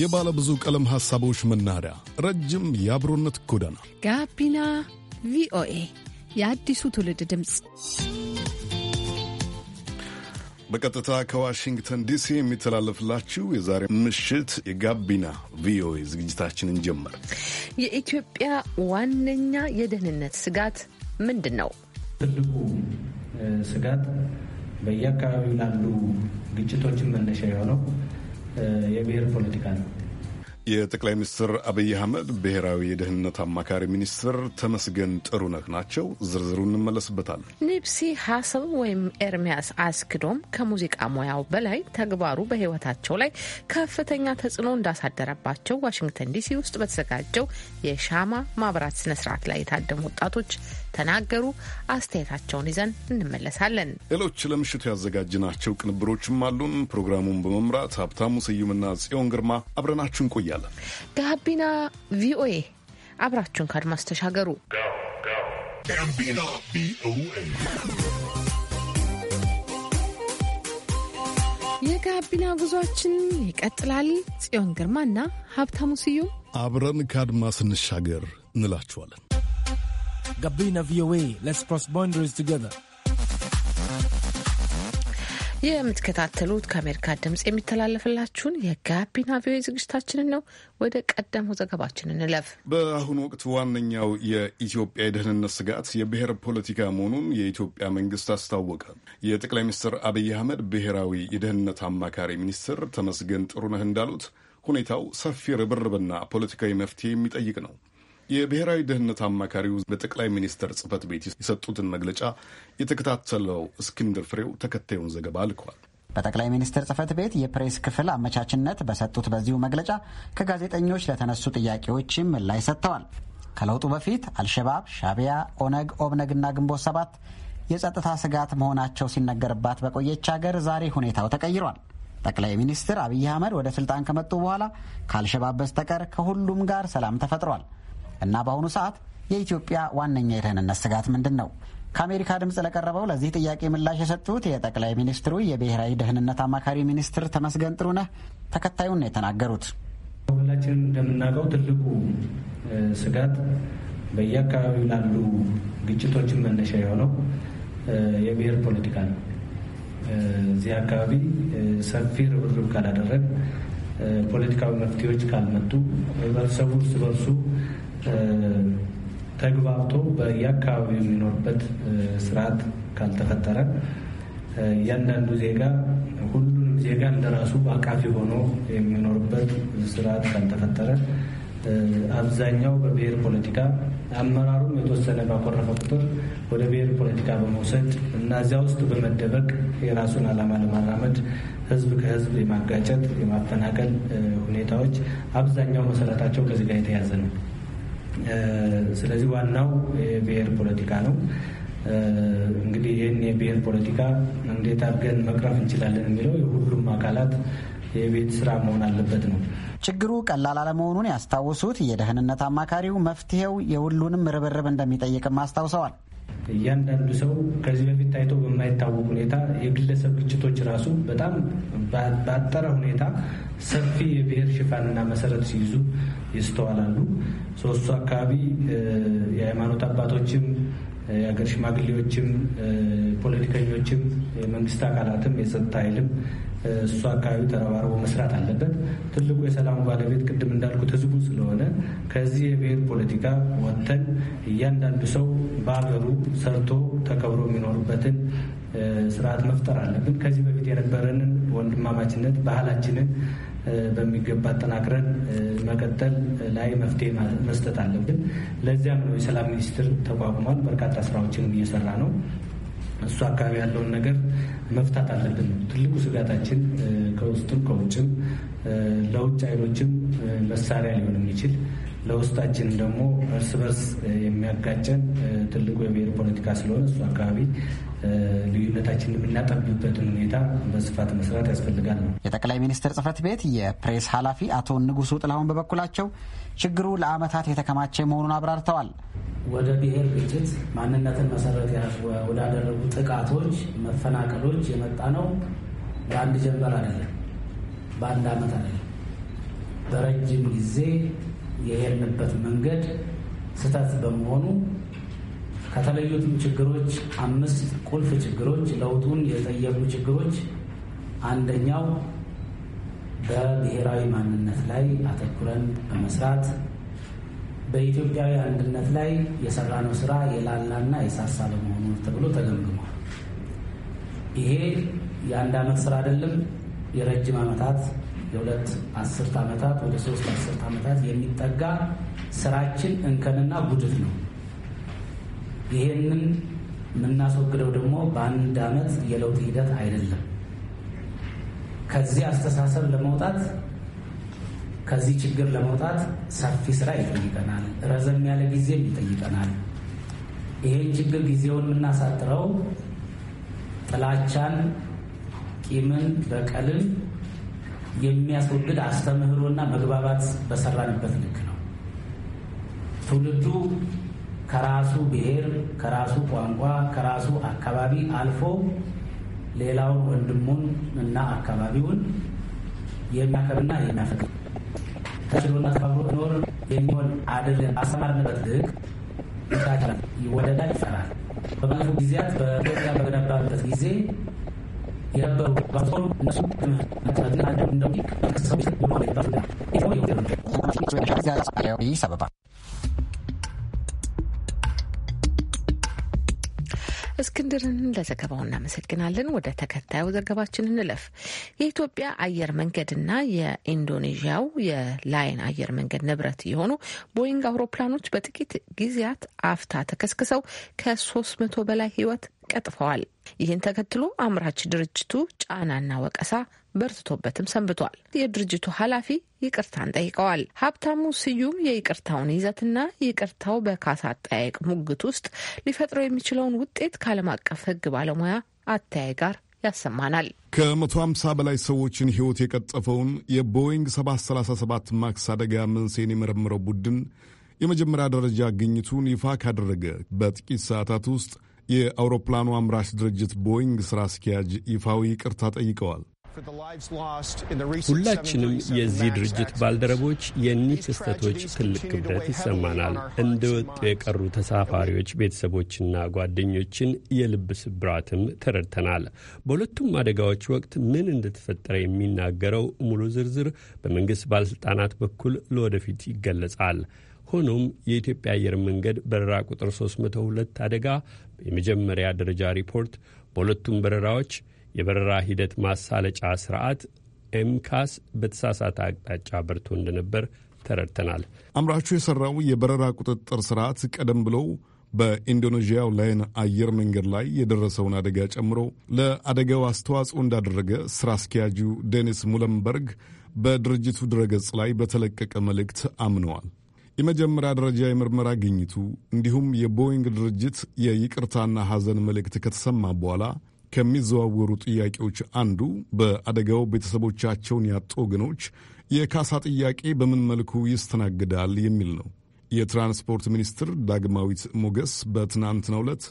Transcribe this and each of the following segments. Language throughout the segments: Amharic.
የባለ ብዙ ቀለም ሐሳቦች መናኸሪያ፣ ረጅም የአብሮነት ጎዳና ጋቢና ቪኦኤ የአዲሱ ትውልድ ድምፅ በቀጥታ ከዋሽንግተን ዲሲ የሚተላለፍላችሁ የዛሬ ምሽት የጋቢና ቪኦኤ ዝግጅታችንን ጀመር። የኢትዮጵያ ዋነኛ የደህንነት ስጋት ምንድን ነው? ትልቁ ስጋት በየአካባቢው ላሉ ግጭቶችን መነሻ የሆነው የብሔር ፖለቲካ ነው። የጠቅላይ ሚኒስትር አብይ አህመድ ብሔራዊ የደህንነት አማካሪ ሚኒስትር ተመስገን ጥሩነህ ናቸው። ዝርዝሩ እንመለስበታል። ኒፕሲ ሀስብ ወይም ኤርሚያስ አስክዶም ከሙዚቃ ሙያው በላይ ተግባሩ በሕይወታቸው ላይ ከፍተኛ ተጽዕኖ እንዳሳደረባቸው ዋሽንግተን ዲሲ ውስጥ በተዘጋጀው የሻማ ማብራት ስነስርዓት ላይ የታደሙ ወጣቶች ተናገሩ። አስተያየታቸውን ይዘን እንመለሳለን። ሌሎች ለምሽቱ ያዘጋጅናቸው ቅንብሮችም አሉን። ፕሮግራሙን በመምራት ሀብታሙ ስዩምና ጽዮን ግርማ አብረናችሁ እንቆያለን። እንቆያለን። ጋቢና ቪኦኤ አብራችሁን ከአድማስ ተሻገሩ። የጋቢና ጉዟችን ይቀጥላል። ጽዮን ግርማና ሀብታሙ ስዩም አብረን ከአድማ ስንሻገር እንላችኋለን። ጋቢና ቪኦኤ ሌትስ ክሮስ ባውንደሪስ ቱጌዘር የምትከታተሉት ከአሜሪካ ድምጽ የሚተላለፍላችሁን የጋቢና ቪኦኤ ዝግጅታችንን ነው። ወደ ቀደመው ዘገባችን እንለፍ። በአሁኑ ወቅት ዋነኛው የኢትዮጵያ የደህንነት ስጋት የብሔር ፖለቲካ መሆኑን የኢትዮጵያ መንግስት አስታወቀ። የጠቅላይ ሚኒስትር አብይ አህመድ ብሔራዊ የደህንነት አማካሪ ሚኒስትር ተመስገን ጥሩነህ እንዳሉት ሁኔታው ሰፊ ርብርብና ፖለቲካዊ መፍትሄ የሚጠይቅ ነው። የብሔራዊ ደህንነት አማካሪው በጠቅላይ ሚኒስተር ጽህፈት ቤት የሰጡትን መግለጫ የተከታተለው እስክንድር ፍሬው ተከታዩን ዘገባ ልኳል። በጠቅላይ ሚኒስትር ጽህፈት ቤት የፕሬስ ክፍል አመቻችነት በሰጡት በዚሁ መግለጫ ከጋዜጠኞች ለተነሱ ጥያቄዎችም ምላሽ ሰጥተዋል። ከለውጡ በፊት አልሸባብ፣ ሻቢያ፣ ኦነግ፣ ኦብነግና ግንቦት ሰባት የጸጥታ ስጋት መሆናቸው ሲነገርባት በቆየች ሀገር ዛሬ ሁኔታው ተቀይሯል። ጠቅላይ ሚኒስትር አብይ አህመድ ወደ ስልጣን ከመጡ በኋላ ከአልሸባብ በስተቀር ከሁሉም ጋር ሰላም ተፈጥሯል። እና በአሁኑ ሰዓት የኢትዮጵያ ዋነኛ የደህንነት ስጋት ምንድን ነው? ከአሜሪካ ድምፅ ለቀረበው ለዚህ ጥያቄ ምላሽ የሰጡት የጠቅላይ ሚኒስትሩ የብሔራዊ ደህንነት አማካሪ ሚኒስትር ተመስገን ጥሩነህ ተከታዩን ነው የተናገሩት። ሁላችን እንደምናውቀው ትልቁ ስጋት በየአካባቢው ላሉ ግጭቶችን መነሻ የሆነው የብሔር ፖለቲካ ነው። እዚህ አካባቢ ሰፊ ርብርብ ካላደረግ፣ ፖለቲካዊ መፍትሄዎች ካልመጡ፣ ህብረተሰቡ እርስ በርሱ ተግባብቶ በየአካባቢው የሚኖርበት ስርዓት ካልተፈጠረ እያንዳንዱ ዜጋ ሁሉንም ዜጋ እንደራሱ አቃፊ ሆኖ የሚኖርበት ስርዓት ካልተፈጠረ አብዛኛው በብሔር ፖለቲካ አመራሩም የተወሰነ ባኮረፈ ቁጥር ወደ ብሔር ፖለቲካ በመውሰድ እና እዚያ ውስጥ በመደበቅ የራሱን ዓላማ ለማራመድ ህዝብ ከህዝብ የማጋጨት የማፈናቀል ሁኔታዎች አብዛኛው መሰረታቸው ከዚህ ጋር የተያያዘ ነው። ስለዚህ ዋናው የብሔር ፖለቲካ ነው። እንግዲህ ይህን የብሔር ፖለቲካ እንዴት አድርገን መቅረፍ እንችላለን የሚለው የሁሉም አካላት የቤት ስራ መሆን አለበት ነው። ችግሩ ቀላል አለመሆኑን ያስታውሱት የደህንነት አማካሪው መፍትሄው የሁሉንም ርብርብ እንደሚጠይቅም አስታውሰዋል። እያንዳንዱ ሰው ከዚህ በፊት ታይቶ በማይታወቅ ሁኔታ የግለሰብ ግጭቶች ራሱ በጣም ባጠረ ሁኔታ ሰፊ የብሔር ሽፋንና መሰረት ሲይዙ ይስተዋላሉ። ሶስቱ አካባቢ የሃይማኖት አባቶችም የሀገር ሽማግሌዎችም ፖለቲከኞችም፣ የመንግስት አካላትም፣ የጸጥታ ኃይልም እሱ አካባቢ ተረባርቦ መስራት አለበት። ትልቁ የሰላም ባለቤት ቅድም እንዳልኩት ህዝቡ ስለሆነ ከዚህ የብሔር ፖለቲካ ወጥተን እያንዳንዱ ሰው በሀገሩ ሰርቶ ተከብሮ የሚኖሩበትን ስርዓት መፍጠር አለብን። ከዚህ በፊት የነበረንን ወንድማማችነት ባህላችንን በሚገባ አጠናክረን መቀጠል ላይ መፍትሄ መስጠት አለብን። ለዚያም ነው የሰላም ሚኒስቴር ተቋቁሟል። በርካታ ስራዎችንም እየሰራ ነው። እሱ አካባቢ ያለውን ነገር መፍታት አለብን። ትልቁ ስጋታችን ከውስጥም ከውጭም ለውጭ ኃይሎችም መሳሪያ ሊሆን የሚችል ለውስጣችን ደግሞ እርስ በርስ የሚያጋጨን ትልቁ የብሔር ፖለቲካ ስለሆነ እሱ አካባቢ ልዩነታችንን የምናጠብበትን ሁኔታ በስፋት መስራት ያስፈልጋል ነው። የጠቅላይ ሚኒስትር ጽህፈት ቤት የፕሬስ ኃላፊ አቶ ንጉሱ ጥላሁን በበኩላቸው ችግሩ ለአመታት የተከማቸ መሆኑን አብራርተዋል። ወደ ብሔር ግጭት፣ ማንነትን መሰረት ወዳደረጉ ጥቃቶች፣ መፈናቀሎች የመጣ ነው። በአንድ ጀንበር አይደለም፣ በአንድ ዓመት አይደለም። በረጅም ጊዜ የሄድንበት መንገድ ስህተት በመሆኑ ከተለዩትም ችግሮች አምስት ቁልፍ ችግሮች ለውጡን የጠየቁ ችግሮች አንደኛው በብሔራዊ ማንነት ላይ አተኩረን በመስራት በኢትዮጵያዊ አንድነት ላይ የሰራነው ስራ የላላና የሳሳ መሆኑ ተብሎ ተገምግሟል። ይሄ የአንድ አመት ስራ አይደለም። የረጅም ዓመታት የሁለት አስርት ዓመታት ወደ ሶስት አስርት ዓመታት የሚጠጋ ስራችን እንከንና ጉድፍ ነው። ይሄንን የምናስወግደው ደግሞ በአንድ አመት የለውጥ ሂደት አይደለም። ከዚህ አስተሳሰብ ለመውጣት ከዚህ ችግር ለመውጣት ሰፊ ስራ ይጠይቀናል፣ ረዘም ያለ ጊዜም ይጠይቀናል። ይህን ችግር ጊዜውን የምናሳጥረው ጥላቻን፣ ቂምን፣ በቀልን የሚያስወግድ አስተምህሮና መግባባት በሰራንበት ልክ ነው። ትውልዱ ከራሱ ብሔር፣ ከራሱ ቋንቋ፣ ከራሱ አካባቢ አልፎ ሌላውን ወንድሙን እና አካባቢውን የሚያከብና የሚያፈቅር ተችሎና ተባብሮ ኖር የሚሆን አድርገን አሰማርንበት ህግ ይታቻል፣ ይወደዳል፣ ይፈራል። በባለፉ ጊዜያት በኢትዮጵያ በገነባበት ጊዜ የነበሩ ባቶር እነሱ አዲስ አበባ እስክንድርን ለዘገባው እናመሰግናለን። ወደ ተከታዩ ዘገባችን እንለፍ። የኢትዮጵያ አየር መንገድና የኢንዶኔዥያው የላይን አየር መንገድ ንብረት የሆኑ ቦይንግ አውሮፕላኖች በጥቂት ጊዜያት አፍታ ተከስክሰው ከሶስት መቶ በላይ ህይወት ቀጥፈዋል። ይህን ተከትሎ አምራች ድርጅቱ ጫናና ወቀሳ በርትቶበትም ሰንብቷል። የድርጅቱ ኃላፊ ይቅርታን ጠይቀዋል። ሀብታሙ ስዩም የይቅርታውን ይዘትና ይቅርታው በካሳ አጠያየቅ ሙግት ውስጥ ሊፈጥረው የሚችለውን ውጤት ከዓለም አቀፍ ሕግ ባለሙያ አተያይ ጋር ያሰማናል ከመቶ ከ150 በላይ ሰዎችን ሕይወት የቀጠፈውን የቦይንግ 737 ማክስ አደጋ መንስኤን የመረመረው ቡድን የመጀመሪያ ደረጃ ግኝቱን ይፋ ካደረገ በጥቂት ሰዓታት ውስጥ የአውሮፕላኑ አምራች ድርጅት ቦይንግ ሥራ አስኪያጅ ይፋዊ ይቅርታ ጠይቀዋል። ሁላችንም የዚህ ድርጅት ባልደረቦች የእኒህ ክስተቶች ትልቅ ክብደት ይሰማናል። እንደ ወጡ የቀሩ ተሳፋሪዎች ቤተሰቦችና ጓደኞችን የልብ ስብራትም ተረድተናል። በሁለቱም አደጋዎች ወቅት ምን እንደተፈጠረ የሚናገረው ሙሉ ዝርዝር በመንግሥት ባለሥልጣናት በኩል ለወደፊት ይገለጻል። ሆኖም የኢትዮጵያ አየር መንገድ በረራ ቁጥር 302 አደጋ የመጀመሪያ ደረጃ ሪፖርት በሁለቱም በረራዎች የበረራ ሂደት ማሳለጫ ስርዓት ኤምካስ በተሳሳተ አቅጣጫ በርቶ እንደነበር ተረድተናል። አምራቹ የሠራው የበረራ ቁጥጥር ስርዓት ቀደም ብሎ በኢንዶኔዥያው ላይን አየር መንገድ ላይ የደረሰውን አደጋ ጨምሮ ለአደጋው አስተዋጽኦ እንዳደረገ ስራ አስኪያጁ ዴኒስ ሙለንበርግ በድርጅቱ ድረገጽ ላይ በተለቀቀ መልእክት አምነዋል። የመጀመሪያ ደረጃ የምርመራ ግኝቱ እንዲሁም የቦይንግ ድርጅት የይቅርታና ሐዘን መልእክት ከተሰማ በኋላ ከሚዘዋወሩ ጥያቄዎች አንዱ በአደጋው ቤተሰቦቻቸውን ያጡ ወገኖች የካሳ ጥያቄ በምን መልኩ ይስተናግዳል የሚል ነው። የትራንስፖርት ሚኒስትር ዳግማዊት ሞገስ በትናንትናው ዕለት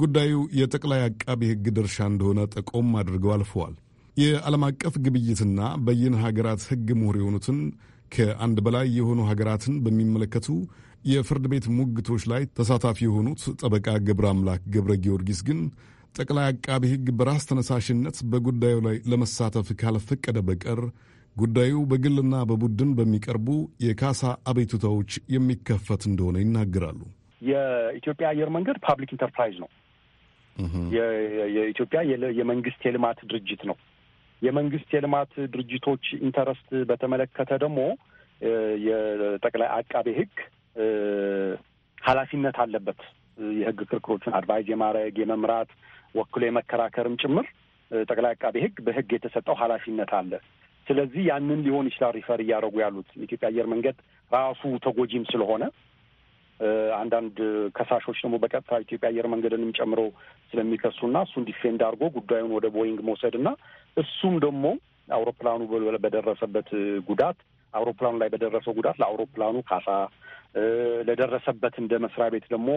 ጉዳዩ የጠቅላይ አቃቢ ሕግ ድርሻ እንደሆነ ጠቆም አድርገው አልፈዋል። የዓለም አቀፍ ግብይትና በይነ ሀገራት ሕግ ምሁር የሆኑትን ከአንድ በላይ የሆኑ ሀገራትን በሚመለከቱ የፍርድ ቤት ሙግቶች ላይ ተሳታፊ የሆኑት ጠበቃ ገብረ አምላክ ገብረ ጊዮርጊስ ግን ጠቅላይ አቃቢ ሕግ በራስ ተነሳሽነት በጉዳዩ ላይ ለመሳተፍ ካልፈቀደ በቀር ጉዳዩ በግልና በቡድን በሚቀርቡ የካሳ አቤቱታዎች የሚከፈት እንደሆነ ይናገራሉ። የኢትዮጵያ አየር መንገድ ፓብሊክ ኢንተርፕራይዝ ነው። የኢትዮጵያ የመንግስት የልማት ድርጅት ነው። የመንግስት የልማት ድርጅቶች ኢንተረስት በተመለከተ ደግሞ የጠቅላይ አቃቤ ህግ ኃላፊነት አለበት። የህግ ክርክሮችን አድቫይዝ የማድረግ የመምራት ወክሎ የመከራከርም ጭምር ጠቅላይ አቃቤ ህግ በህግ የተሰጠው ኃላፊነት አለ። ስለዚህ ያንን ሊሆን ይችላል ሪፈር እያደረጉ ያሉት የኢትዮጵያ አየር መንገድ ራሱ ተጎጂም ስለሆነ አንዳንድ ከሳሾች ደግሞ በቀጥታ ኢትዮጵያ አየር መንገድንም ጨምሮ ስለሚከሱና እሱን ዲፌንድ አድርጎ ጉዳዩን ወደ ቦይንግ መውሰድና እሱም ደግሞ አውሮፕላኑ በደረሰበት ጉዳት አውሮፕላኑ ላይ በደረሰው ጉዳት ለአውሮፕላኑ ካሳ ለደረሰበት እንደ መስሪያ ቤት ደግሞ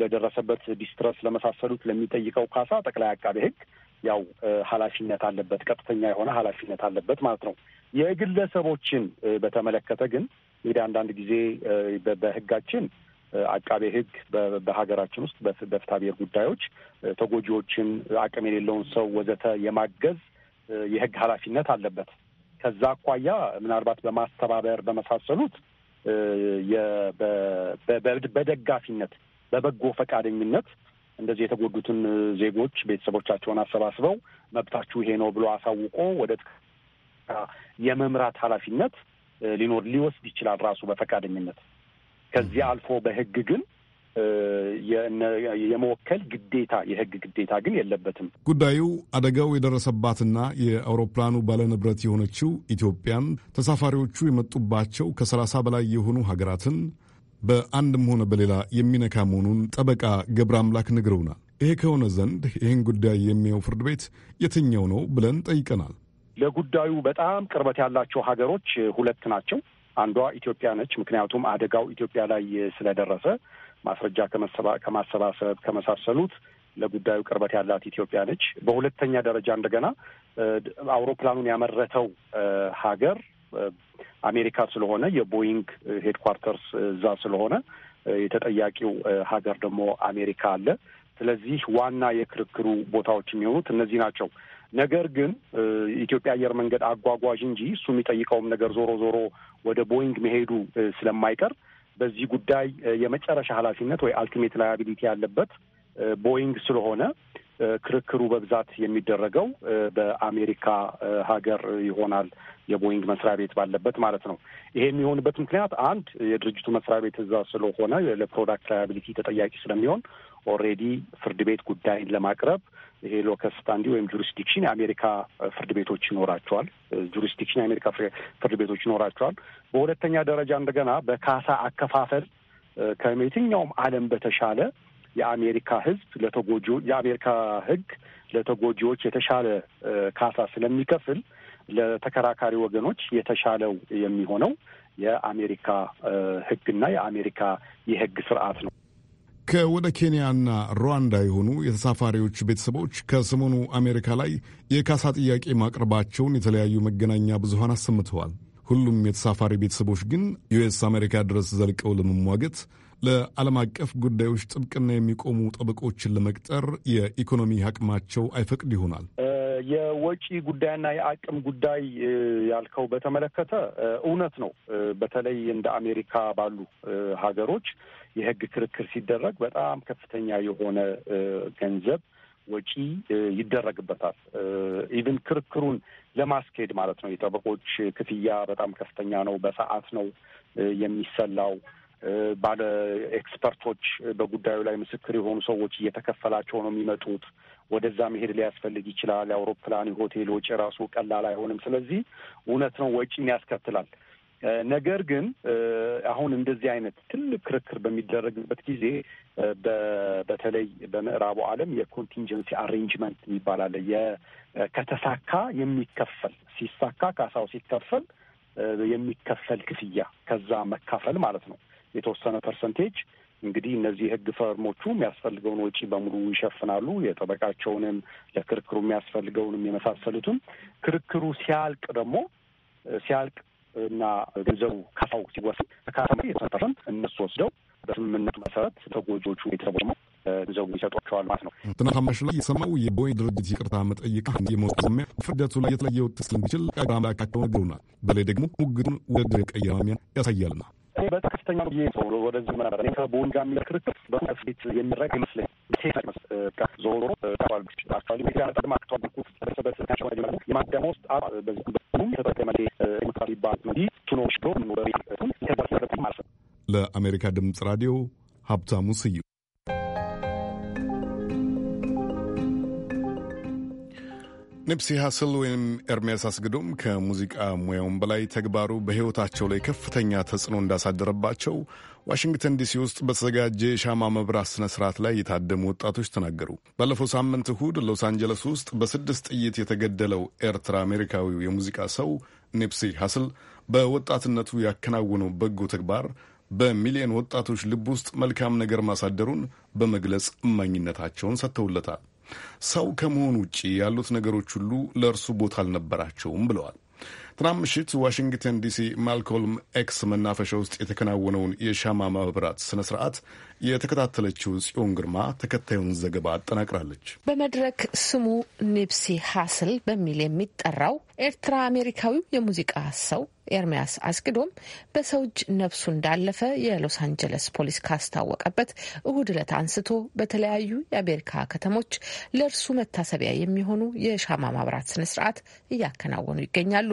ለደረሰበት ዲስትረስ ለመሳሰሉት ለሚጠይቀው ካሳ ጠቅላይ አቃቤ ሕግ ያው ኃላፊነት አለበት፣ ቀጥተኛ የሆነ ኃላፊነት አለበት ማለት ነው። የግለሰቦችን በተመለከተ ግን እንግዲህ አንዳንድ ጊዜ በሕጋችን አቃቤ ሕግ በሀገራችን ውስጥ በፍትሐ ብሔር ጉዳዮች ተጎጂዎችን፣ አቅም የሌለውን ሰው ወዘተ የማገዝ የሕግ ኃላፊነት አለበት። ከዛ አኳያ ምናልባት በማስተባበር በመሳሰሉት በደጋፊነት በበጎ ፈቃደኝነት እንደዚህ የተጎዱትን ዜጎች ቤተሰቦቻቸውን አሰባስበው መብታችሁ ይሄ ነው ብሎ አሳውቆ ወደ የመምራት ኃላፊነት ሊኖር ሊወስድ ይችላል ራሱ በፈቃደኝነት። ከዚህ አልፎ በህግ ግን የመወከል ግዴታ የህግ ግዴታ ግን የለበትም። ጉዳዩ አደጋው የደረሰባትና የአውሮፕላኑ ባለንብረት የሆነችው ኢትዮጵያን ተሳፋሪዎቹ የመጡባቸው ከሰላሳ በላይ የሆኑ ሀገራትን በአንድም ሆነ በሌላ የሚነካ መሆኑን ጠበቃ ገብረ አምላክ ነግረውናል። ይሄ ከሆነ ዘንድ ይህን ጉዳይ የሚያው ፍርድ ቤት የትኛው ነው ብለን ጠይቀናል። ለጉዳዩ በጣም ቅርበት ያላቸው ሀገሮች ሁለት ናቸው። አንዷ ኢትዮጵያ ነች። ምክንያቱም አደጋው ኢትዮጵያ ላይ ስለደረሰ ማስረጃ ከማሰባሰብ ከመሳሰሉት ለጉዳዩ ቅርበት ያላት ኢትዮጵያ ነች። በሁለተኛ ደረጃ እንደገና አውሮፕላኑን ያመረተው ሀገር አሜሪካ ስለሆነ የቦይንግ ሄድኳርተርስ እዛ ስለሆነ የተጠያቂው ሀገር ደግሞ አሜሪካ አለ። ስለዚህ ዋና የክርክሩ ቦታዎች የሚሆኑት እነዚህ ናቸው። ነገር ግን ኢትዮጵያ አየር መንገድ አጓጓዥ እንጂ እሱ የሚጠይቀውም ነገር ዞሮ ዞሮ ወደ ቦይንግ መሄዱ ስለማይቀር በዚህ ጉዳይ የመጨረሻ ኃላፊነት ወይ አልቲሜት ላያቢሊቲ ያለበት ቦይንግ ስለሆነ ክርክሩ በብዛት የሚደረገው በአሜሪካ ሀገር ይሆናል። የቦይንግ መስሪያ ቤት ባለበት ማለት ነው። ይሄ የሚሆንበት ምክንያት አንድ የድርጅቱ መስሪያ ቤት እዛ ስለሆነ ለፕሮዳክት ላያቢሊቲ ተጠያቂ ስለሚሆን ኦልሬዲ ፍርድ ቤት ጉዳይን ለማቅረብ ይሄ ሎከስ ስታንዲ ወይም ጁሪስዲክሽን የአሜሪካ ፍርድ ቤቶች ይኖራቸዋል። ጁሪስዲክሽን የአሜሪካ ፍርድ ቤቶች ይኖራቸዋል። በሁለተኛ ደረጃ እንደገና በካሳ አከፋፈል ከየትኛውም ዓለም በተሻለ የአሜሪካ ህዝብ ለተጎጆ የአሜሪካ ህግ ለተጎጂዎች የተሻለ ካሳ ስለሚከፍል ለተከራካሪ ወገኖች የተሻለው የሚሆነው የአሜሪካ ህግና የአሜሪካ የህግ ስርዓት ነው። ከወደ ኬንያና ሩዋንዳ የሆኑ የተሳፋሪዎች ቤተሰቦች ከሰሞኑ አሜሪካ ላይ የካሳ ጥያቄ ማቅረባቸውን የተለያዩ መገናኛ ብዙሀን አሰምተዋል። ሁሉም የተሳፋሪ ቤተሰቦች ግን ዩኤስ አሜሪካ ድረስ ዘልቀው ለመሟገት ለዓለም አቀፍ ጉዳዮች ጥብቅና የሚቆሙ ጠበቆችን ለመቅጠር የኢኮኖሚ አቅማቸው አይፈቅድ ይሆናል። የወጪ ጉዳይና የአቅም ጉዳይ ያልከው በተመለከተ እውነት ነው። በተለይ እንደ አሜሪካ ባሉ ሀገሮች የሕግ ክርክር ሲደረግ በጣም ከፍተኛ የሆነ ገንዘብ ወጪ ይደረግበታል። ኢቭን ክርክሩን ለማስኬድ ማለት ነው። የጠበቆች ክፍያ በጣም ከፍተኛ ነው። በሰዓት ነው የሚሰላው። ባለ ኤክስፐርቶች በጉዳዩ ላይ ምስክር የሆኑ ሰዎች እየተከፈላቸው ነው የሚመጡት። ወደዛ መሄድ ሊያስፈልግ ይችላል። የአውሮፕላን የሆቴል ወጪ ራሱ ቀላል አይሆንም። ስለዚህ እውነት ነው ወጪን ያስከትላል። ነገር ግን አሁን እንደዚህ አይነት ትልቅ ክርክር በሚደረግበት ጊዜ በተለይ በምዕራቡ ዓለም የኮንቲንጀንሲ አሬንጅመንት የሚባል አለ። ከተሳካ የሚከፈል ሲሳካ ካሳው ሲከፈል የሚከፈል ክፍያ ከዛ መካፈል ማለት ነው። የተወሰነ ፐርሰንቴጅ እንግዲህ እነዚህ የህግ ፈርሞቹ የሚያስፈልገውን ወጪ በሙሉ ይሸፍናሉ። የጠበቃቸውንም ለክርክሩ የሚያስፈልገውንም የመሳሰሉትም ክርክሩ ሲያልቅ ደግሞ ሲያልቅ እና ገንዘቡ ከፋው ሲወሰድ ከፋ የተወሰነ ፐርሰንት እነሱ ወስደው በስምምነቱ መሰረት ተጎጆቹ ቤተሰቦች ደግሞ ገንዘቡ ይሰጧቸዋል ማለት ነው። ትናንት አማሽ ላይ የሰማው የቦይ ድርጅት ይቅርታ መጠይቅ የመውስ ፍርደቱ ላይ የተለየ ውጥ ስለሚችል ቀዳ አምላካቸው ነግሩናል። በላይ ደግሞ ሙግቱን ወደ ቀያሚያን ያሳያልና እኔ በጣም ከፍተኛ ብዬ ሰው ወደዚህ መራ እኔ ከቦንጃ የሚል ክርክር በፍት ቤት የሚደረግ ይመስለኝ ዞሮ ዞሮ ተባልች አክቹዋሊ ሚዲያ ነጠቅማ አክቷል ኩ በሰበት ናሽናል የማዳማ ውስጥ በዚህ ለአሜሪካ ድምጽ ራዲዮ ሀብታሙ ስዩ ንፕሲ ሀስል ወይም ኤርሜስ አስግዶም ከሙዚቃ ሙያውን በላይ ተግባሩ በሕይወታቸው ላይ ከፍተኛ ተጽዕኖ እንዳሳደረባቸው ዋሽንግተን ዲሲ ውስጥ በተዘጋጀ የሻማ መብራት ስነ ስርዓት ላይ የታደሙ ወጣቶች ተናገሩ። ባለፈው ሳምንት እሁድ ሎስ አንጀለስ ውስጥ በስድስት ጥይት የተገደለው ኤርትራ አሜሪካዊው የሙዚቃ ሰው ኒፕሲ ሀስል በወጣትነቱ ያከናወነው በጎ ተግባር በሚሊዮን ወጣቶች ልብ ውስጥ መልካም ነገር ማሳደሩን በመግለጽ እማኝነታቸውን ሰጥተውለታል። ሰው ከመሆን ውጭ ያሉት ነገሮች ሁሉ ለእርሱ ቦታ አልነበራቸውም ብለዋል። ትናንት ምሽት ዋሽንግተን ዲሲ ማልኮልም ኤክስ መናፈሻ ውስጥ የተከናወነውን የሻማ ማብራት ስነ ስርዓት የተከታተለችው ጽዮን ግርማ ተከታዩን ዘገባ አጠናቅራለች። በመድረክ ስሙ ኒፕሲ ሀስል በሚል የሚጠራው ኤርትራ አሜሪካዊው የሙዚቃ ሰው ኤርሚያስ አስግዶም በሰው እጅ ነፍሱ እንዳለፈ የሎስ አንጀለስ ፖሊስ ካስታወቀበት እሁድ ዕለት አንስቶ በተለያዩ የአሜሪካ ከተሞች ለእርሱ መታሰቢያ የሚሆኑ የሻማ ማብራት ስነስርዓት እያከናወኑ ይገኛሉ።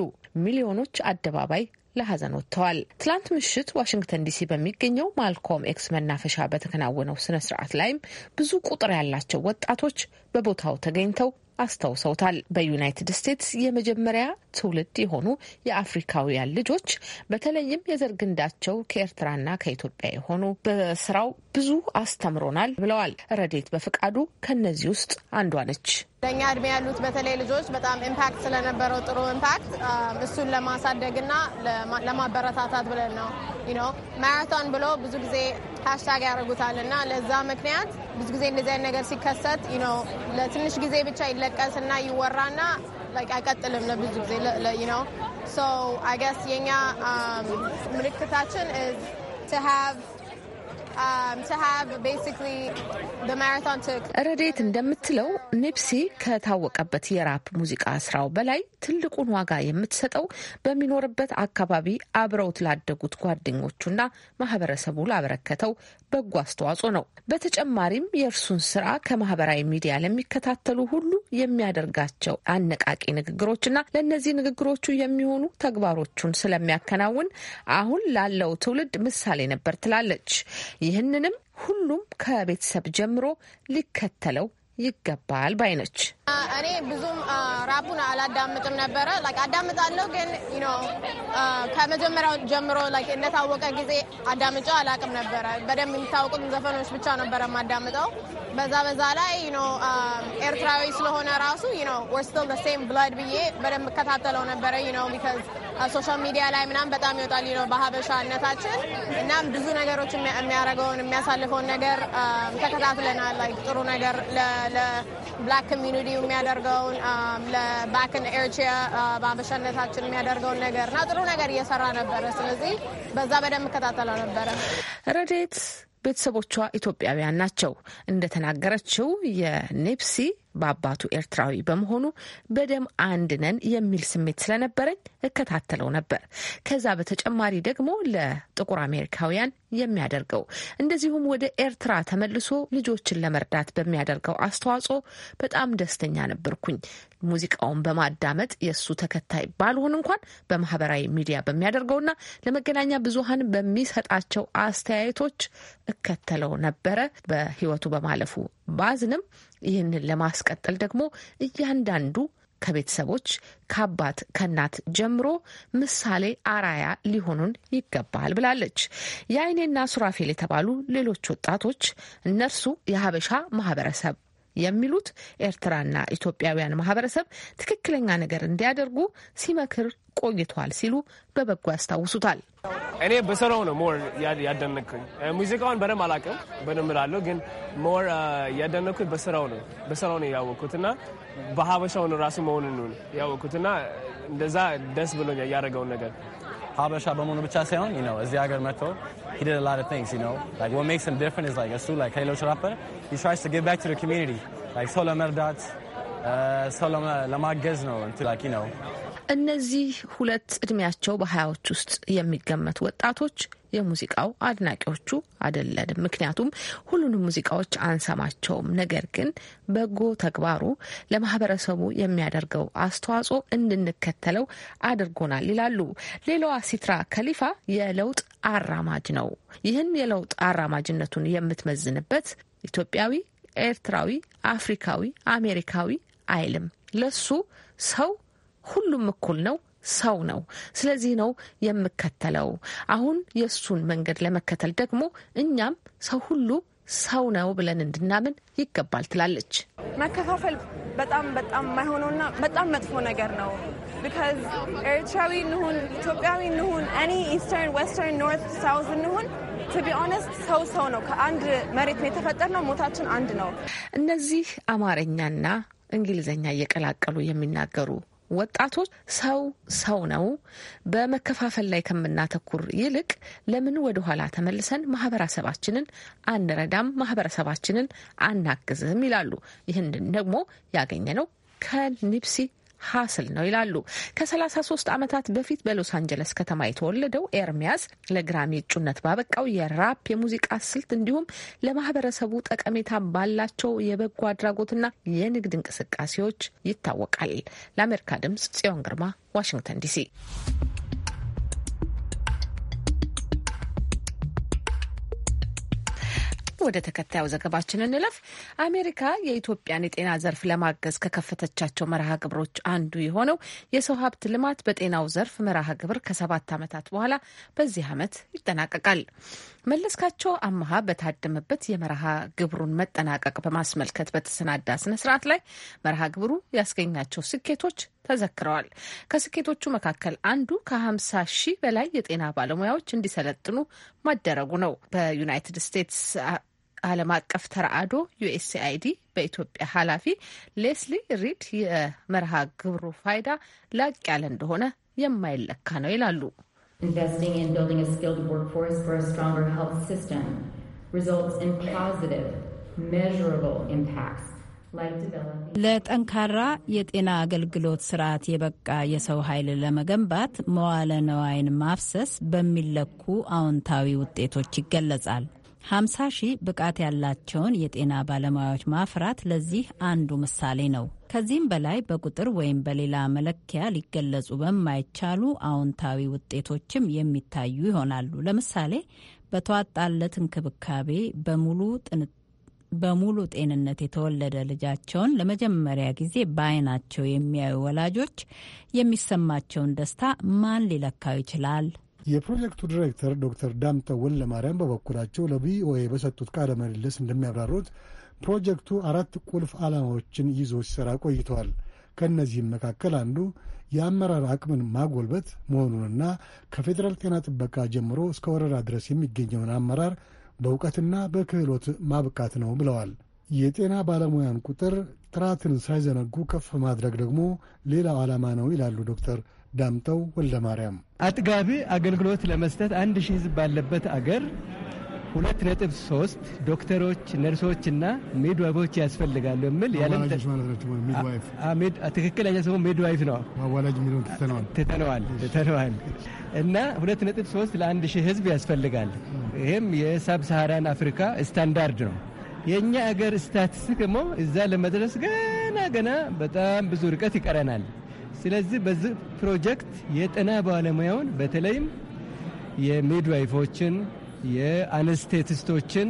ሚሊዮኖች አደባባይ ለሀዘን ወጥተዋል። ትላንት ምሽት ዋሽንግተን ዲሲ በሚገኘው ማልኮም ኤክስ መናፈሻ በተከናወነው ስነ ስርዓት ላይም ብዙ ቁጥር ያላቸው ወጣቶች በቦታው ተገኝተው አስታውሰውታል። በዩናይትድ ስቴትስ የመጀመሪያ ትውልድ የሆኑ የአፍሪካውያን ልጆች በተለይም የዘር ግንዳቸው ከኤርትራና ከኢትዮጵያ የሆኑ በስራው ብዙ አስተምሮናል ብለዋል። ረዴት በፍቃዱ ከነዚህ ውስጥ አንዷ ነች። ለእኛ እድሜ ያሉት በተለይ ልጆች በጣም ኢምፓክት ስለነበረው ጥሩ ኢምፓክት um, እሱን ለማሳደግና ለማበረታታት ብለን ነው ማራቶን ብሎ ብዙ ጊዜ ሀሽታግ ያደርጉታል እና ለዛ ምክንያት ብዙ ጊዜ እንደዚህ አይነት ነገር ሲከሰት ለትንሽ ጊዜ ብቻ ይለቀስና ይወራና አይቀጥልም ለብዙ ጊዜ ነው ሶ አይ ገስ የእኛ ምልክታችን Um, ረዴት እንደምትለው ኒፕሲ ከታወቀበት የራፕ ሙዚቃ ስራው በላይ ትልቁን ዋጋ የምትሰጠው በሚኖርበት አካባቢ አብረውት ላደጉት ጓደኞቹና ማህበረሰቡ ላበረከተው በጎ አስተዋጽኦ ነው። በተጨማሪም የእርሱን ስራ ከማህበራዊ ሚዲያ ለሚከታተሉ ሁሉ የሚያደርጋቸው አነቃቂ ንግግሮችና ለእነዚህ ንግግሮቹ የሚሆኑ ተግባሮቹን ስለሚያከናውን አሁን ላለው ትውልድ ምሳሌ ነበር ትላለች። ይህንንም ሁሉም ከቤተሰብ ጀምሮ ሊከተለው ይገባል ባይ ነች። እኔ ብዙም ራፑን አላዳምጥም ነበረ። አዳምጣለሁ ግን ከመጀመሪያው ጀምሮ እንደታወቀ ጊዜ አዳምጫው አላቅም ነበረ። በደንብ የሚታወቁት ዘፈኖች ብቻ ነበረ የማዳምጠው። በዛ በዛ ላይ ኤርትራዊ ስለሆነ ራሱ ስ ሴም ብዬ በደንብ እከታተለው ነበረ ቢካዝ ሶሻል ሚዲያ ላይ ምናምን በጣም ይወጣል ነው በሀበሻነታችን። እናም ብዙ ነገሮች የሚያደርገውን የሚያሳልፈውን ነገር ተከታትለናል። ላይ ጥሩ ነገር ለብላክ ኮሚኒቲ የሚያደርገውን ለባክን ኤርትሪያ በሀበሻነታችን የሚያደርገውን ነገር እና ጥሩ ነገር እየሰራ ነበረ። ስለዚህ በዛ በደንብ እከታተለው ነበረ ረዴት ቤተሰቦቿ ኢትዮጵያውያን ናቸው። እንደተናገረችው የኔፕሲ በአባቱ ኤርትራዊ በመሆኑ በደም አንድ ነን የሚል ስሜት ስለነበረኝ እከታተለው ነበር። ከዛ በተጨማሪ ደግሞ ለጥቁር አሜሪካውያን የሚያደርገው እንደዚሁም ወደ ኤርትራ ተመልሶ ልጆችን ለመርዳት በሚያደርገው አስተዋጽኦ በጣም ደስተኛ ነበርኩኝ። ሙዚቃውን በማዳመጥ የእሱ ተከታይ ባልሆን እንኳን በማህበራዊ ሚዲያ በሚያደርገውና ለመገናኛ ብዙሃን በሚሰጣቸው አስተያየቶች እከተለው ነበረ። በህይወቱ በማለፉ ባዝንም ይህንን ለማስቀጠል ደግሞ እያንዳንዱ ከቤተሰቦች ከአባት ከእናት ጀምሮ ምሳሌ አራያ ሊሆኑን ይገባል ብላለች። የአይኔና ሱራፌል የተባሉ ሌሎች ወጣቶች እነርሱ የሀበሻ ማህበረሰብ የሚሉት ኤርትራና ኢትዮጵያውያን ማህበረሰብ ትክክለኛ ነገር እንዲያደርጉ ሲመክር ቆይቷል ሲሉ በበጎ ያስታውሱታል። እኔ በስራው ነው ሞር ያደነኩኝ። ሙዚቃውን በደንብ አላውቅም፣ በደንብ እላለሁ ግን ሞር ያደነኩኝ በስራው ነው በስራው ነው ያወቅኩትና በሀበሻውን ራሱ መሆኑን ያወቅኩት ያወቅኩትና እንደዛ ደስ ብሎኛል ያደረገውን ነገር ሀበሻ በመሆኑ ብቻ ሳይሆን ነው እዚህ ሀገር መጥቶ he did a lot of things you know like what makes him different is like እሱ like ከሌሎች rapper he tries to give back to the community like ሰው ለመርዳት ሰው ለማገዝ ነው like you know እነዚህ ሁለት እድሜያቸው በሀያዎች ውስጥ የሚገመት ወጣቶች የሙዚቃው አድናቂዎቹ አይደለንም፣ ምክንያቱም ሁሉንም ሙዚቃዎች አንሰማቸውም። ነገር ግን በጎ ተግባሩ ለማህበረሰቡ የሚያደርገው አስተዋጽኦ እንድንከተለው አድርጎናል ይላሉ። ሌላዋ ሲትራ ከሊፋ የለውጥ አራማጅ ነው። ይህን የለውጥ አራማጅነቱን የምትመዝንበት ኢትዮጵያዊ፣ ኤርትራዊ፣ አፍሪካዊ፣ አሜሪካዊ አይልም። ለሱ ሰው ሁሉም እኩል ነው ሰው ነው። ስለዚህ ነው የምከተለው። አሁን የእሱን መንገድ ለመከተል ደግሞ እኛም ሰው ሁሉ ሰው ነው ብለን እንድናምን ይገባል ትላለች። መከፋፈል በጣም በጣም የማይሆነውና በጣም መጥፎ ነገር ነው። ቢካዝ ኤርትራዊ እንሁን ኢትዮጵያዊ እንሁን እኔ ኢስተርን፣ ዌስተርን፣ ኖርት፣ ሳውዝ እንሁን ቱ ኦነስት ሰው ሰው ነው። ከአንድ መሬት ነው የተፈጠርነው። ሞታችን አንድ ነው። እነዚህ አማርኛና እንግሊዝኛ እየቀላቀሉ የሚናገሩ ወጣቶች ሰው ሰው ነው፣ በመከፋፈል ላይ ከምናተኩር ይልቅ ለምን ወደኋላ ተመልሰን ማህበረሰባችንን አንረዳም፣ ማህበረሰባችንን አናግዝም ይላሉ። ይህንን ደግሞ ያገኘ ነው ከኒፕሲ ሀስል ነው ይላሉ። ከ33 ዓመታት በፊት በሎስ አንጀለስ ከተማ የተወለደው ኤርሚያስ ለግራሚ እጩነት ባበቃው የራፕ የሙዚቃ ስልት እንዲሁም ለማህበረሰቡ ጠቀሜታ ባላቸው የበጎ አድራጎትና የንግድ እንቅስቃሴዎች ይታወቃል። ለአሜሪካ ድምጽ ጽዮን ግርማ ዋሽንግተን ዲሲ ወደ ተከታዩ ዘገባችን እንለፍ። አሜሪካ የኢትዮጵያን የጤና ዘርፍ ለማገዝ ከከፈተቻቸው መርሃ ግብሮች አንዱ የሆነው የሰው ሀብት ልማት በጤናው ዘርፍ መርሃ ግብር ከሰባት ዓመታት በኋላ በዚህ ዓመት ይጠናቀቃል። መለስካቸው አመሃ በታደመበት የመርሃ ግብሩን መጠናቀቅ በማስመልከት በተሰናዳ ስነ ስርዓት ላይ መርሃ ግብሩ ያስገኛቸው ስኬቶች ተዘክረዋል። ከስኬቶቹ መካከል አንዱ ከ50 ሺህ በላይ የጤና ባለሙያዎች እንዲሰለጥኑ ማደረጉ ነው። በዩናይትድ ስቴትስ ዓለም አቀፍ ተራድኦ ዩኤስኤአይዲ በኢትዮጵያ ኃላፊ ሌስሊ ሪድ የመርሃ ግብሩ ፋይዳ ላቅ ያለ እንደሆነ የማይለካ ነው ይላሉ። ለጠንካራ የጤና አገልግሎት ስርዓት የበቃ የሰው ኃይል ለመገንባት መዋለ ነዋይን ማፍሰስ በሚለኩ አዎንታዊ ውጤቶች ይገለጻል። 50 ሺህ ብቃት ያላቸውን የጤና ባለሙያዎች ማፍራት ለዚህ አንዱ ምሳሌ ነው። ከዚህም በላይ በቁጥር ወይም በሌላ መለኪያ ሊገለጹ በማይቻሉ አዎንታዊ ውጤቶችም የሚታዩ ይሆናሉ። ለምሳሌ በተዋጣለት እንክብካቤ በሙሉ በሙሉ ጤንነት የተወለደ ልጃቸውን ለመጀመሪያ ጊዜ በዓይናቸው የሚያዩ ወላጆች የሚሰማቸውን ደስታ ማን ሊለካው ይችላል? የፕሮጀክቱ ዲሬክተር ዶክተር ዳምጠው ወለማርያም በበኩላቸው ለቪኦኤ በሰጡት ቃለ ምልልስ እንደሚያብራሩት ፕሮጀክቱ አራት ቁልፍ ዓላማዎችን ይዞ ሲሰራ ቆይተዋል። ከእነዚህም መካከል አንዱ የአመራር አቅምን ማጎልበት መሆኑንና ከፌዴራል ጤና ጥበቃ ጀምሮ እስከ ወረዳ ድረስ የሚገኘውን አመራር በእውቀትና በክህሎት ማብቃት ነው ብለዋል። የጤና ባለሙያን ቁጥር ጥራትን ሳይዘነጉ ከፍ ማድረግ ደግሞ ሌላው ዓላማ ነው ይላሉ ዶክተር ዳምጠው ወልደ ማርያም አጥጋቢ አገልግሎት ለመስጠት አንድ ሺህ ህዝብ ባለበት አገር ሁለት ነጥብ ሶስት ዶክተሮች፣ ነርሶችና ሚድዋይፎች ያስፈልጋሉ የሚል ትክክለኛ ሰው ሚድዋይፍ ነው ትተነዋል ትተነዋል እና ሁለት ነጥብ ሶስት ለአንድ ሺህ ህዝብ ያስፈልጋል። ይህም የሳብ ሰሃራን አፍሪካ ስታንዳርድ ነው። የእኛ አገር ስታትስቲክ ደግሞ እዛ ለመድረስ ገና ገና በጣም ብዙ ርቀት ይቀረናል። ስለዚህ በዚህ ፕሮጀክት የጤና ባለሙያውን በተለይም የሚድዋይፎችን፣ የአነስቴቲስቶችን፣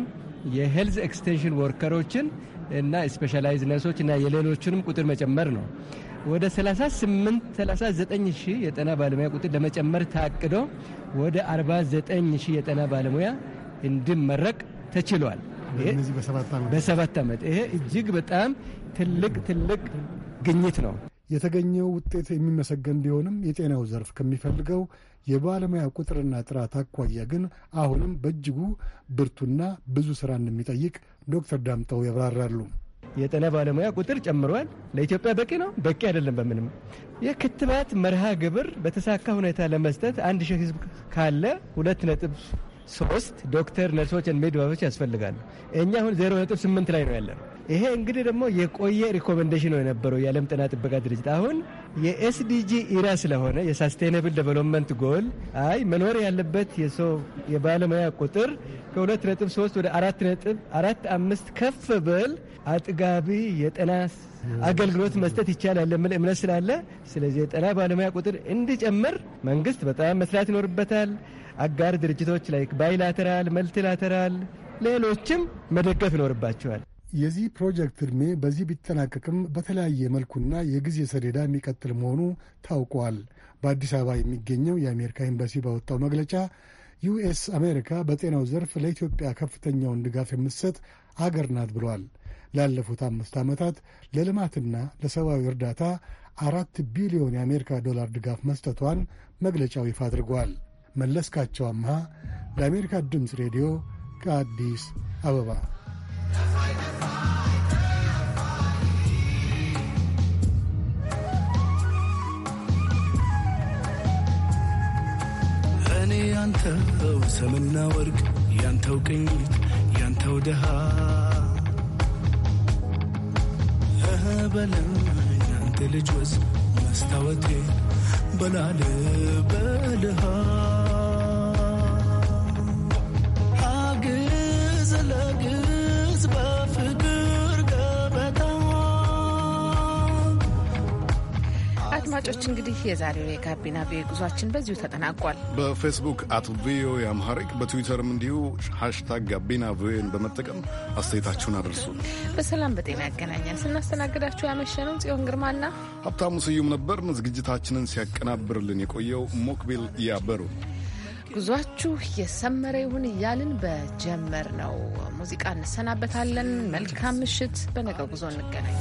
የሄልዝ ኤክስቴንሽን ወርከሮችን እና ስፔሻላይዝ ነርሶች እና የሌሎችንም ቁጥር መጨመር ነው። ወደ 38 39 ሺህ የጤና ባለሙያ ቁጥር ለመጨመር ታቅዶ ወደ 49 ሺህ የጤና ባለሙያ እንዲመረቅ ተችሏል። በሰባት ዓመት ይሄ እጅግ በጣም ትልቅ ትልቅ ግኝት ነው። የተገኘው ውጤት የሚመሰገን ቢሆንም የጤናው ዘርፍ ከሚፈልገው የባለሙያ ቁጥርና ጥራት አኳያ ግን አሁንም በእጅጉ ብርቱና ብዙ ስራ እንደሚጠይቅ ዶክተር ዳምጠው ያብራራሉ። የጤና ባለሙያ ቁጥር ጨምሯል። ለኢትዮጵያ በቂ ነው? በቂ አይደለም። በምንም የክትባት መርሃ ግብር በተሳካ ሁኔታ ለመስጠት አንድ ሺህ ህዝብ ካለ ሁለት ነጥብ ሶስት ዶክተር ነርሶች፣ ሚድዋይፎች ያስፈልጋሉ። እኛ አሁን ዜሮ ነጥብ ስምንት ላይ ነው ያለነው። ይሄ እንግዲህ ደግሞ የቆየ ሪኮመንዴሽን ነው የነበረው የዓለም ጤና ጥበቃ ድርጅት። አሁን የኤስዲጂ ኢራ ስለሆነ የሳስቴናብል ዴቨሎፕመንት ጎል አይ መኖር ያለበት የሰው የባለሙያ ቁጥር ከሁለት ነጥብ ሶስት ወደ አራት ነጥብ አራት አምስት ከፍ ብል አጥጋቢ የጤና አገልግሎት መስጠት ይቻላል የሚል እምነት ስላለ ስለዚህ የጤና ባለሙያ ቁጥር እንዲጨምር መንግስት በጣም መስራት ይኖርበታል። አጋር ድርጅቶች ላይ ባይላተራል፣ መልቲላተራል ሌሎችም መደገፍ ይኖርባቸዋል። የዚህ ፕሮጀክት ዕድሜ በዚህ ቢጠናቀቅም በተለያየ መልኩና የጊዜ ሰሌዳ የሚቀጥል መሆኑ ታውቋል። በአዲስ አበባ የሚገኘው የአሜሪካ ኤምባሲ ባወጣው መግለጫ ዩኤስ አሜሪካ በጤናው ዘርፍ ለኢትዮጵያ ከፍተኛውን ድጋፍ የምትሰጥ አገር ናት ብሏል። ላለፉት አምስት ዓመታት ለልማትና ለሰብአዊ እርዳታ አራት ቢሊዮን የአሜሪካ ዶላር ድጋፍ መስጠቷን መግለጫው ይፋ አድርጓል። መለስካቸው አምሃ ለአሜሪካ ድምፅ ሬዲዮ ከአዲስ አበባ እኔ ያንተው ሰምና ወርቅ ያንተው ቅኝት ያንተው ድሃ በለም ያንተ ልጅ ወዝ መስታወቴ በላል በልሃ አድማጮች እንግዲህ የዛሬው የጋቢና ቪኦኤ ጉዟችን በዚሁ ተጠናቋል። በፌስቡክ አት ቪኦኤ አምሃሪክ በትዊተርም እንዲሁ ሃሽታግ ጋቢና ቪኦኤን በመጠቀም አስተያየታችሁን አድርሱ። በሰላም በጤና ያገናኛል። ስናስተናግዳችሁ ያመሸነው ጽዮን ግርማና ሀብታሙ ስዩም ነበር ዝግጅታችንን ሲያቀናብርልን የቆየው ሞክቢል ያበሩ ጉዟችሁ የሰመረ ይሁን እያልን በጀመር ነው ሙዚቃ እንሰናበታለን። መልካም ምሽት። በነገ ጉዞ እንገናኝ።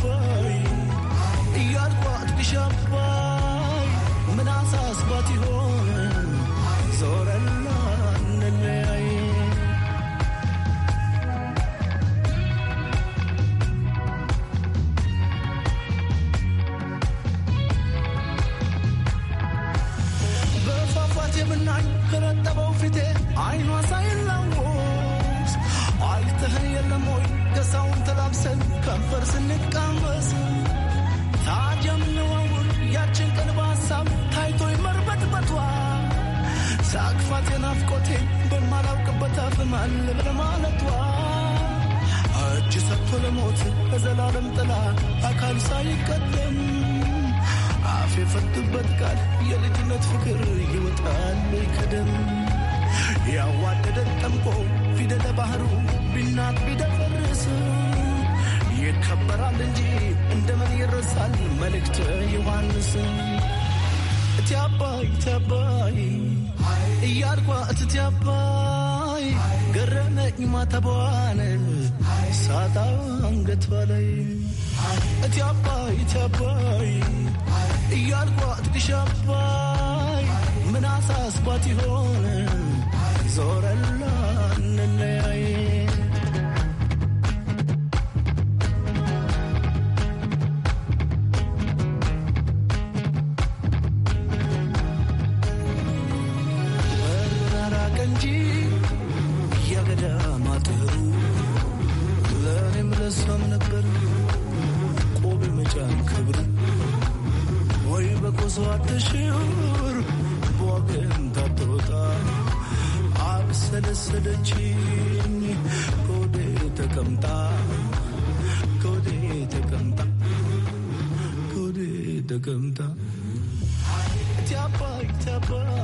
شبابي يا رواق بشبابي ስንቃመስ ታጀምንወውን ያችን ቅልብ ሀሳብ ታይቶኝ መርበትበቷ ሳቅፋት የናፍቆቴ በማላውቅበት አፍማል እጅ ሰጥቶ ለሞት በዘላለም አካል ሳይቀደም አፍ የፈቱበት ቃል የልጅነት ፍቅር ይወጣል ጠምቆ ፊደለ ባህሩ ቢናት ቢደፈርስ ይከበራል እንጂ እንደምን ይረሳል መልእክት ዮሐንስ እቲ አባይ እቲ አባይ እያልኳ እቲ አባይ ገረመኝ ማተቧን ሳጣ አንገት በላይ እቲ አባይ እቲ አባይ እያልኳ ትግሽ አባይ ምን አሳስባት ይሆን ዞረላ Oh.